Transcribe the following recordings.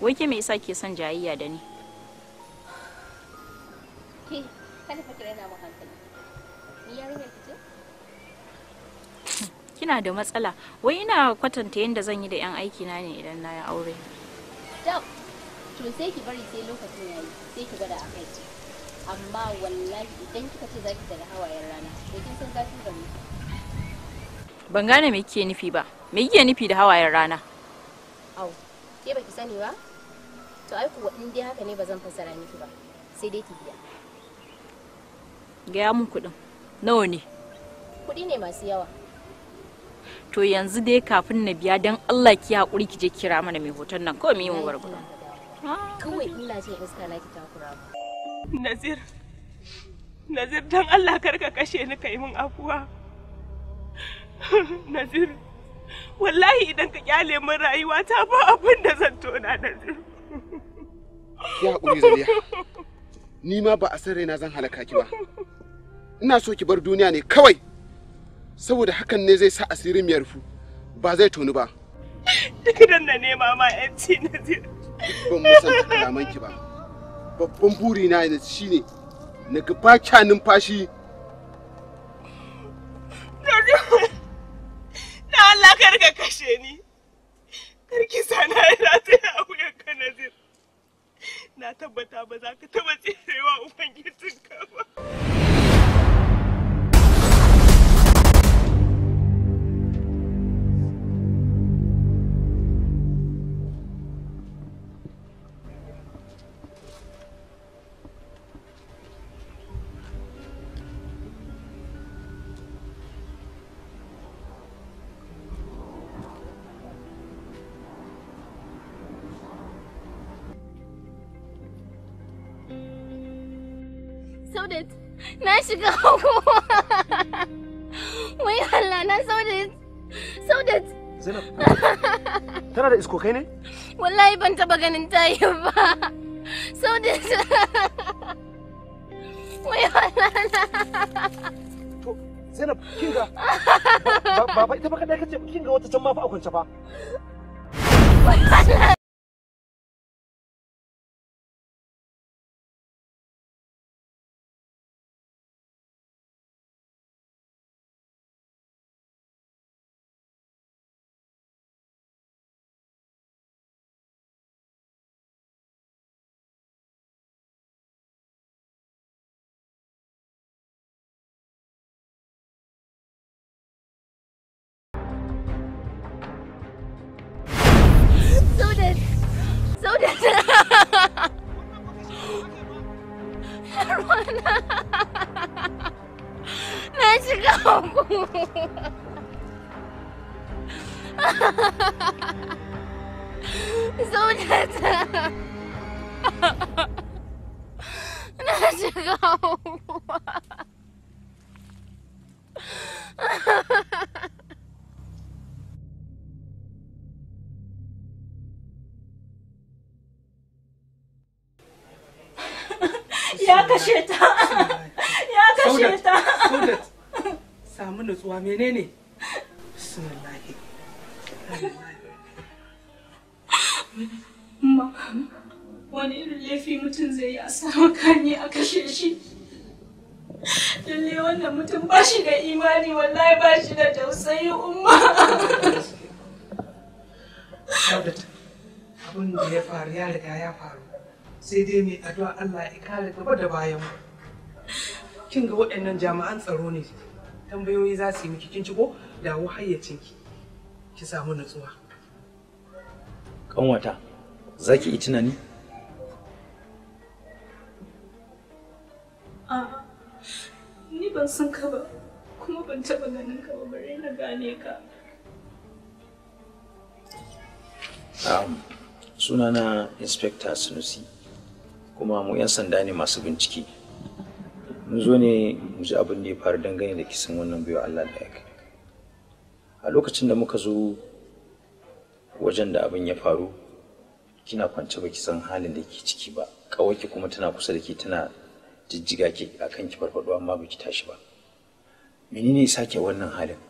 wai ke me yasa ke son jayayya da ni kina da matsala wai ina kwatanta yadda zan yi da yan aiki na ne idan na yi aure to sai ki bari sai lokacin ya yi sai ki gwada akai amma wallahi idan kika ce za ki daga hawayen rana to kin san zaki da ban gane me kike nufi ba me kike nufi da hawayen rana au ke baki sani ba to ai kuwa in dai haka ne ba zan fassara miki ba sai dai ki biya gaya mun kuɗin nawa ne kuɗi ne masu yawa to yanzu dai kafin na biya don Allah ki haƙuri ki je kira mana mai hoton nan kawai mu yi mu ah. kawai ina ce iska na ki takura Nazir Nazir don Allah kar ka kashe ni ka yi min afuwa Nazir wallahi idan ka kyale min rayuwa ta ba abin da zan tona Nazir Ki haƙuri Zaliya. Ni ma ba a san raina zan halaka ki ba. Ina so ki bar duniya ne kawai. Saboda hakan ne zai sa asirin ya rufu. Ba zai tonu ba. Idan na nema ma yanci na zai. Ban musan kalaman ki ba. Babban burina na shine na ga ba kya numfashi. Na Allah kar ka kashe ni. Kar ki sana ina ta Nazir, na tabbata ba za ka taɓa tserewa Ubangijinka ba. saudat na shiga hukuma wai Allah na saudat saudat Zainab tana da iskokai ne wallahi ban taba ganin tayi ba saudat wai Allah to Zainab kinga ba ba ita ba kadai kace kinga wata can ma fa a kwance fa 真是！哈哈哈！哈哈哈！哈哈哈！那是个好哈哈哈！哈哈哈！哈哈哈！哈哈哈！nutsuwa menene bismillahi ma wani irin laifi mutum zai yi a samu kani a kashe shi lalle wannan mutum ba shi da imani wallahi ba shi da tausayi umma Saudat, abin da ya faru ya riga ya faru sai dai mai addu'a Allah ya kare gaba da bayan mu kin ga waɗannan jami'an tsaro ne tambayoyi za su yi miki kin ko dawo hayyacinki ki samu nutsuwa kanwata za ki yi tunani a ni ban san ka ba kuma ban taɓa ganin ka ba bare na gane ka um, sunana inspector sunusi kuma mu 'yan sanda ne masu bincike mun zo ne mu ji abin da ya faru dangane da kisan wannan biyu Allah da ya a lokacin da muka zo wajen da abin ya faru kina kwance baki san halin da ke ciki ba kawai kuma tana kusa da ke tana jijjiga ki a ki farfado amma baki tashi ba menene ya sake wannan halin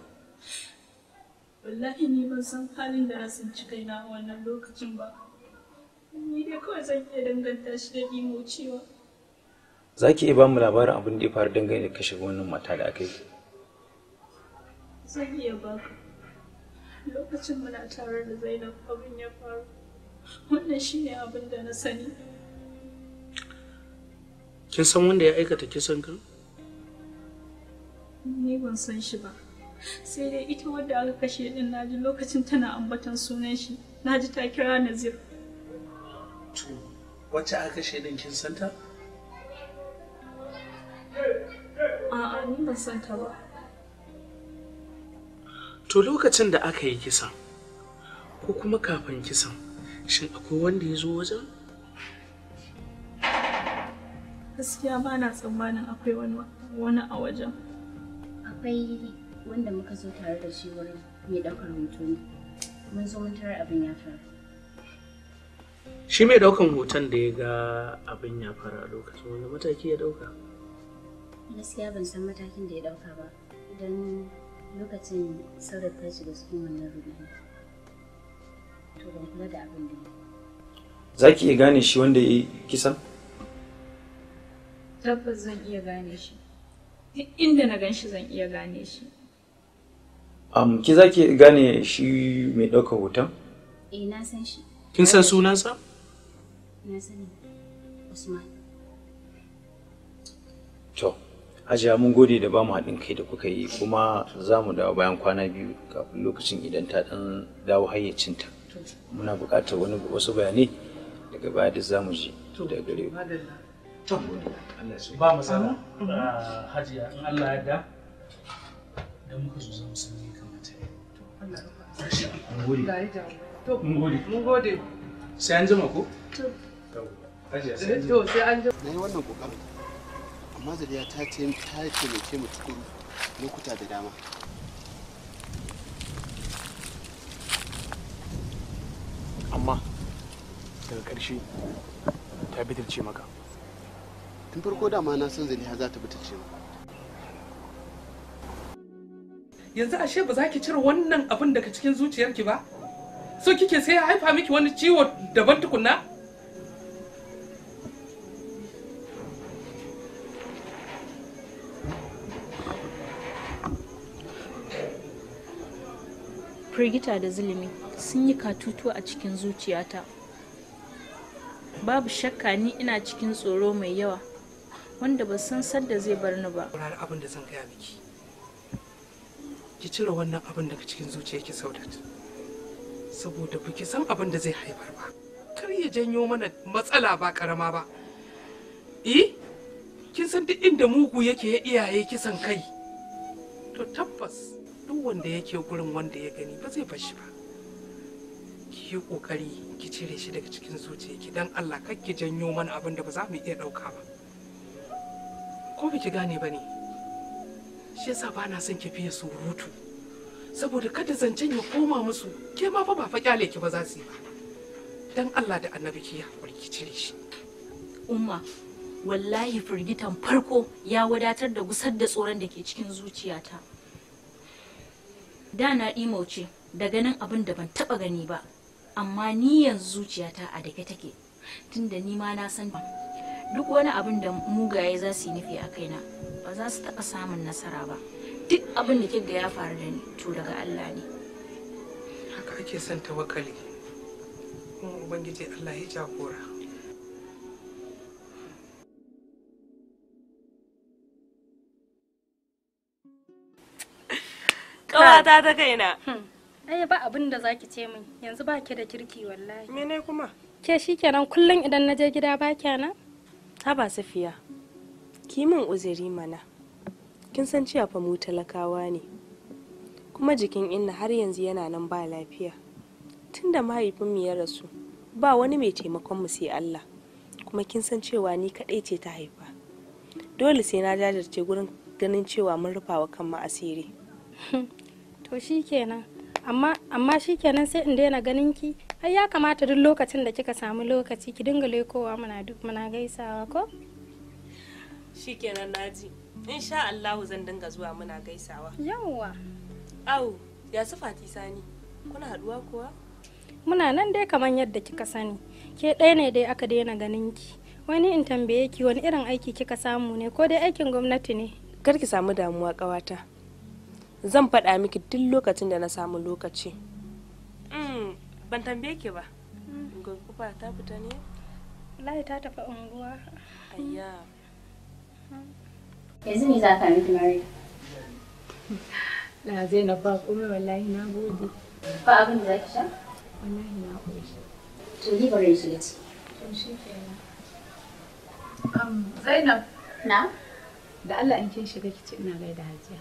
wallahi ni ban san halin da na ci kaina wannan lokacin ba ni dai kawai zan iya danganta shi da imo cewa za ki iya ba mu labarin abin da ya faru dangane da kashe wannan mata da aka yi zan iya baka lokacin muna tare da zainab abin ya faru wannan shine abin da na sani kin san wanda ya aikata kisan kan ni ban san shi ba sai dai ita wadda aka kashe din naji lokacin tana ambatan sunan shi naji ta kira nazir wacce aka kashe din kin san ta A'a, ni ban son ta ba. To lokacin da aka yi kisan, ko kuma kafin kisan, shin akwai wanda ya zo wajen? Gaskiya ba na tsammanin akwai wani a wajen. Akwai wanda muka zo tare da shi wurin mai ɗaukar hoto ne. Mun zo mun tarar abin ya faru. Shi mai ɗaukan hoton da ya ga abin ya faru a lokacin wani mataki ya ɗauka? gaskiya ban san matakin da ya dauka ba don lokacin saurin ta shiga cikin wannan rubutu to ban kula da abin da ya za ki iya gane shi wanda ya yi kisan tabbas zan iya gane shi duk inda na gan shi zan iya gane shi um, ki za ki gane shi mai ɗaukar hoton eh na san shi kin san sunansa na sani usman to ajiya mun gode da ba mu haɗin kai da kuka yi kuma za mu dawo bayan kwana biyu kafin lokacin idan ta ɗan dawo hayyacinta muna buƙatar wani wasu bayanai daga baya da za mu ji da gare ku ba mu sana ah, hajiya in Allah ya da da muka zo za mu san me kamata mun gode mun gode mun gode sai an jima ko to hajiya sai an jima ne wannan kokarin amma zariya ta ce ta taimake mu tukuru lokuta da dama amma daga ƙarshe ta bitirce maka tun farko dama na san zaliha za ta bitirce maka yanzu ashe ba za ki cire wannan abin daga cikin zuciyarki ba so kike sai ya haifa miki wani ciwo daban tukunna firgita da zulumi sun yi katutu a cikin zuciyata babu shakka ni ina cikin tsoro mai yawa wanda ba san sadda zai bar ni ba ranar abin da zan gaya miki ki cire wannan abin daga cikin zuciya ki saudat saboda ba ki san abin da zai haifar ba kar ya janyo mana matsala ba karama ba eh kin san duk inda mugu yake ya iyaye kisan kai to tabbas duk wanda yake gurin wanda ya gani ba zai fashi ba ki yi kokari ki cire shi daga cikin zuciyarki dan Allah kar ki janyo mana abin da ba za mu iya dauka ba ko ba ki gane ba ne shi yasa ba na son ki fiye surutu saboda kada zancen ya koma musu ke ma fa ba fa kyale ki ba za su yi ba dan Allah da annabi ki hakuri ki cire shi umma wallahi firgitan farko ya wadatar da gusar da tsoron da ke cikin zuciyata da na ɗimauce da ganin abin da ban taɓa gani ba amma ni yanzu zuciyata a dake take tunda ni ma na san duk wani abin da mugaye za su yi nufi a kaina ba za su taɓa samun nasara ba duk abin da kika ya faru da ni to daga Allah ne haka ake son tawakkali kuma ubangiji Allah ya jagora ta ta kaina hmm. ai ba abin da zaki ce min yanzu ba ki da kirki wallahi mene kuma ke shikenan kullum idan na je gida ba kyana ta ba safiya ki min uzuri mana kin san cewa fa mu talakawa ne kuma jikin inna har yanzu yana nan ba lafiya tunda mahaifinmu ya rasu ba wani mai taimakon mu sai Allah kuma kin san cewa ni kaɗai ce ta haifa dole sai na jajirce gurin ganin cewa mun rufawa kanmu asiri hmm. to shikenan amma amma shikenan sai in daina ganin ki ai ya kamata duk lokacin da kika samu lokaci ki dinga lekowa muna duk muna gaisawa ko shikenan naji sha Allah zan dinga zuwa muna gaisawa yawwa au ya su fati sani kuna haduwa kuwa muna nan dai kamar yadda kika sani ke ɗaya ne dai aka daina ganin ki wani in tambaye ki wani irin aiki kika samu ne ko dai aikin gwamnati ne kar ki samu damuwa ƙawata zan faɗa miki duk lokacin da na samu lokaci mm, ban tambaye ki ba mm. gungufa ta fita ne wallahi ta tafi unguwa ayya mm. yanzu ni za ka miki mare na zai na ba kuma wallahi na gode ba abin da za ki sha wallahi na gode to ni bare shi ce to shi kenan um zainab na da Allah in kin shiga kici ina gaida hajiya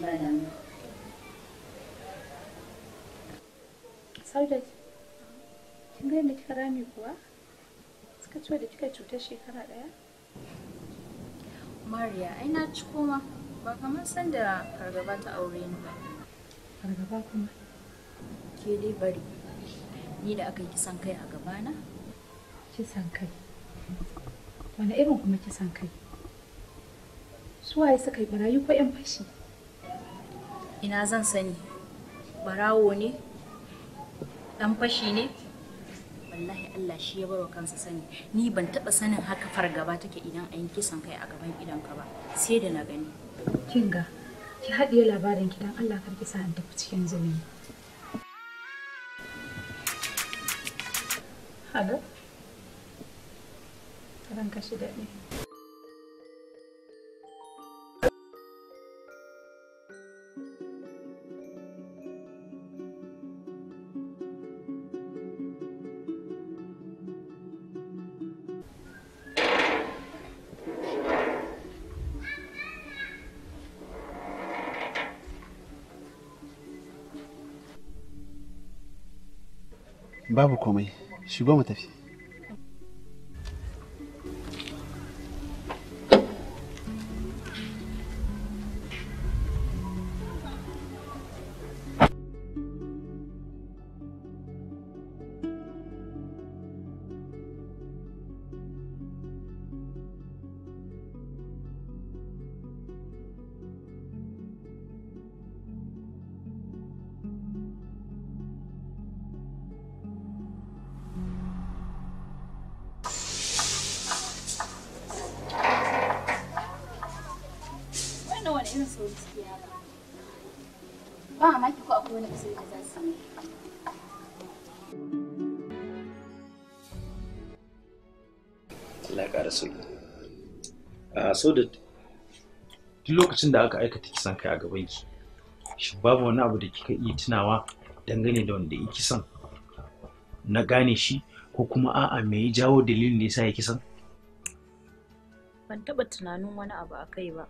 da hajiya. Saudat kin gani yadda kika rami kuwa suka ce da kika cutar shekara daya Mariya ai na ci koma ba kamar sanda fargaba ta aure ni ba fargaba kuma ke dai bari ni da aka yi kisan kai a gabana kisan kai wani irin kuma kisan kai su ya suka yi barayi ko yan fashi ina zan sani barawo ne dan fashi ne wallahi Allah shi ya barwa kansa sani ni ban taba sanin haka fargaba take idan an kisan kai a gaban idanka ba sai da na gani kinga ki haɗiye labarin ki dan Allah kar ki sa an tafi cikin zulmi Je ne sais pas beaucoup, mais je suis bon, ma tante. wani da za su ƙara a so duk lokacin da aka aikata kisan kai a gaban ki shi babu wani abu da kika iya tunawa dangane da wanda ya kisan na gane shi ko kuma a'a me ya jawo dalilin da sa ya kisan ban taɓa tunanin wani abu a kai ba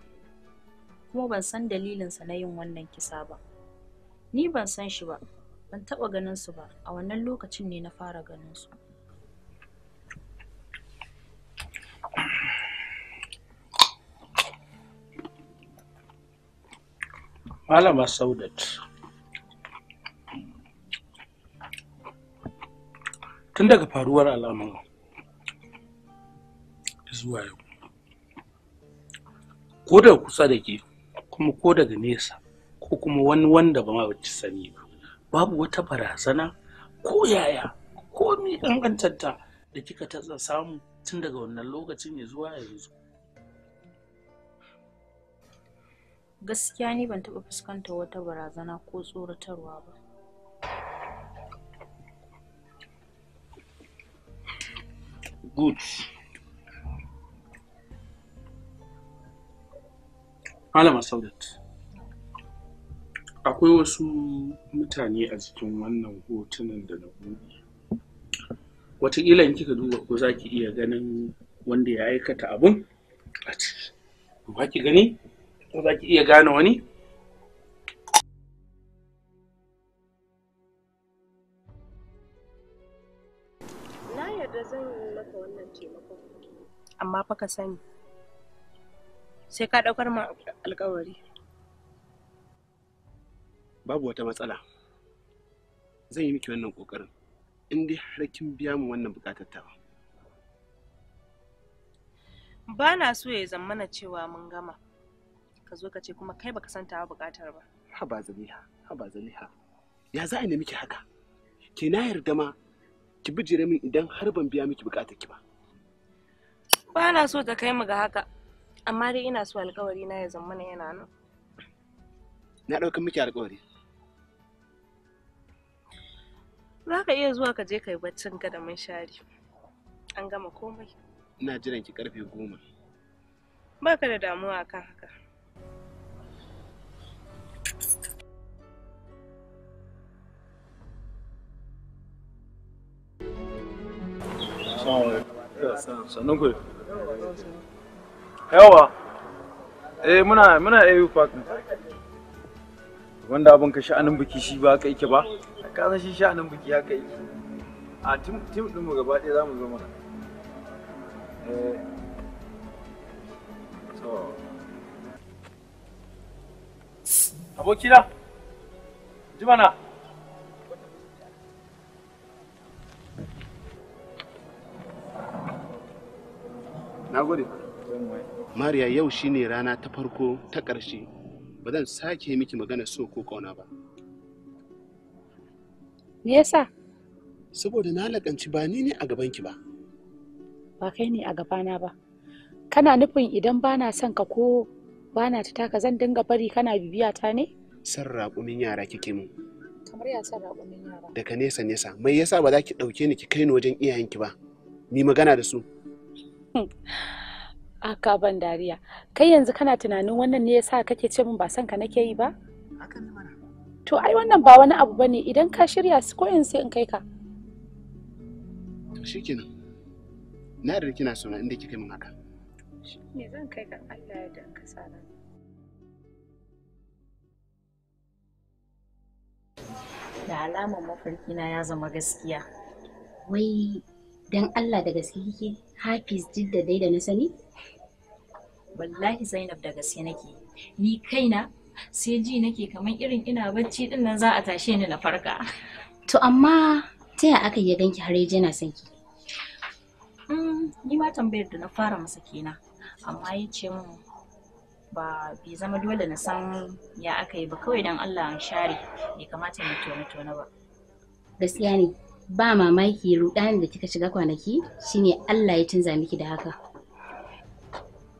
kuma ban san dalilinsa na yin wannan kisa ba ni ban san shi ba ban taɓa ganin su ba a wannan lokacin ne na fara ganin su malama saudat tun daga faruwar alamun zuwa yau ko daga kusa da ke kuma ko daga nesa ko kuma wani wanda ba ma ci sani ba babu wata barazana ko yaya ko mi da kika ta samu tun daga wannan lokacin ya zuwa yanzu gaskiya ni ban taɓa fuskanta wata barazana ko tsoratarwa ba good malama saudat akwai wasu mutane a cikin wannan hotunan da na buɗe wataƙila in kika duba ko za ki iya ganin wanda ya aikata abun a ciki ba ki gani ko za ki iya gane wani na yarda zan yi maka wannan taimakon amma fa ka sani sai ka ɗaukar ma alƙawari babu wata matsala zan yi miki wannan kokarin in dai har kin biya mu wannan bukatar ta ba na so ya zammana cewa mun gama ka zo ka ce kuma kai baka san tawa bukatar ba haba zaliha haba zaliha ya za a miki haka ke na yarda ma ki bijire min idan har ban biya miki bukatar ki ba ba na so ta kai mu ga haka amma dai ina so alkawari na ya zammana yana nan na ɗaukar miki alkawari Za ka iya zuwa ka je ka yi baccin ka da mun share. An gama komai. Ina jiran ki karfe goma. Ba ka da damuwa kan haka. Yawa. Eh muna muna AU Park. Wanda abin ka sha'anin biki shi ba ka ke ba? ka san shi nan biki haka yi a tim tim din mu gaba ɗaya zamu zo mana eh to ji mana na gode mariya yau shine rana ta farko ta ƙarshe ba zan sake miki magana so ko kauna ba Me yasa? Saboda na lakanci ba ni ne a gabanki ba. Ba kai ne a gabana ba. Kana nufin idan bana son ka ko bana ta taka zan dinga bari kana bibiya ta ne? San raƙumin yara kike mu. Kamar ya san raƙumin yara. Daga nesa nesa, mai yasa ba za ki ɗauke ni ki kai ni wajen iyayenki ba? Ni magana da su. Hmm. Aka ban dariya. Kai yanzu kana tunanin wannan ne yasa kake ce min ba son ka nake yi ba? Hakan to ai wannan ba wani abu bane idan ka shirya su ko in sai in kai ka shikenan na da kina sona inda kika min haka shine zan kai ka Allah ya danka sana da alaman mafarki na ya zama gaskiya wai dan Allah da gaske kike Hafiz jidda dai da na sani wallahi Zainab da gaske nake ni kaina sai ji nake kamar irin ina bacci din nan za a tashe ni na farka to amma taya ya aka ya ganki har yaje na son ki mm, ni ma tambayar da na fara masa kenan amma ya ce mun ba bai zama dole na san ya aka yi ba kawai dan Allah an share bai kamata mu tona tona ba gaskiya ne ba mamaki rudanin da kika shiga kwanaki shine Allah ya canza miki da haka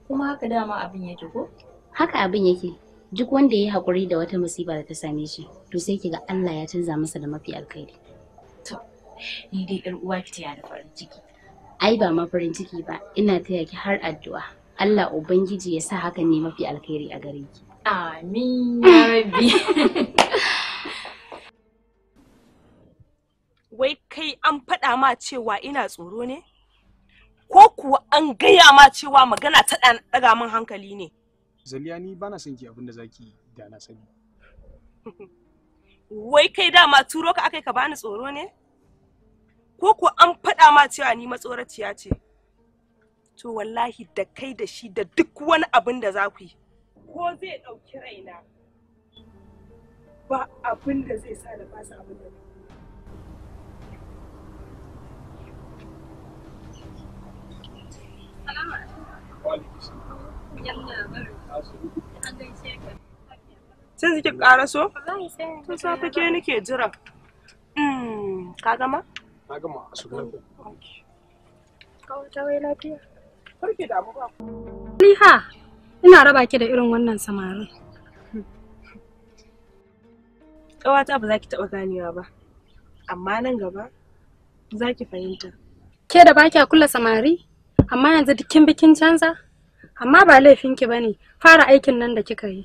kuma haka dama abin yake ko haka abin yake duk wanda ya yi haƙuri da wata musiba da ta same shi to sai kiga Allah ya canza masa da mafi alkhairi to ni dai yar uwa ki taya da farin ciki ai ba ma farin ciki ba ina taya ki har addu'a Allah ubangiji ya sa haka ne mafi alkhairi a gare ki amin ya rabbi wai kai an faɗa ma cewa ina tsoro ne ko kuwa an gaya ma cewa magana ta ɗaga min hankali ne Zaliya ni bana son ki abin da zaki da na sani. Wai kai dama turo ka akai ka bani tsoro ne? Ko ko an faɗa ma cewa ni matsoraciya ce? To wallahi da kai da shi da duk wani abin da za ku yi. Ko zai ɗauki raina ba abin da zai sa da ba abin da sai ziki karaso to safe ke nake jira hmm, ka gama ka gama a su gaba wai lafiya farki da liha ina raba ki da irin wannan samarin kawata ba za ki taɓa ganewa ba amma nan gaba za ki fahimta ke da baki a kula samari amma yanzu dukkin bikin canza amma ba laifinki bane fara aikin nan da kika yi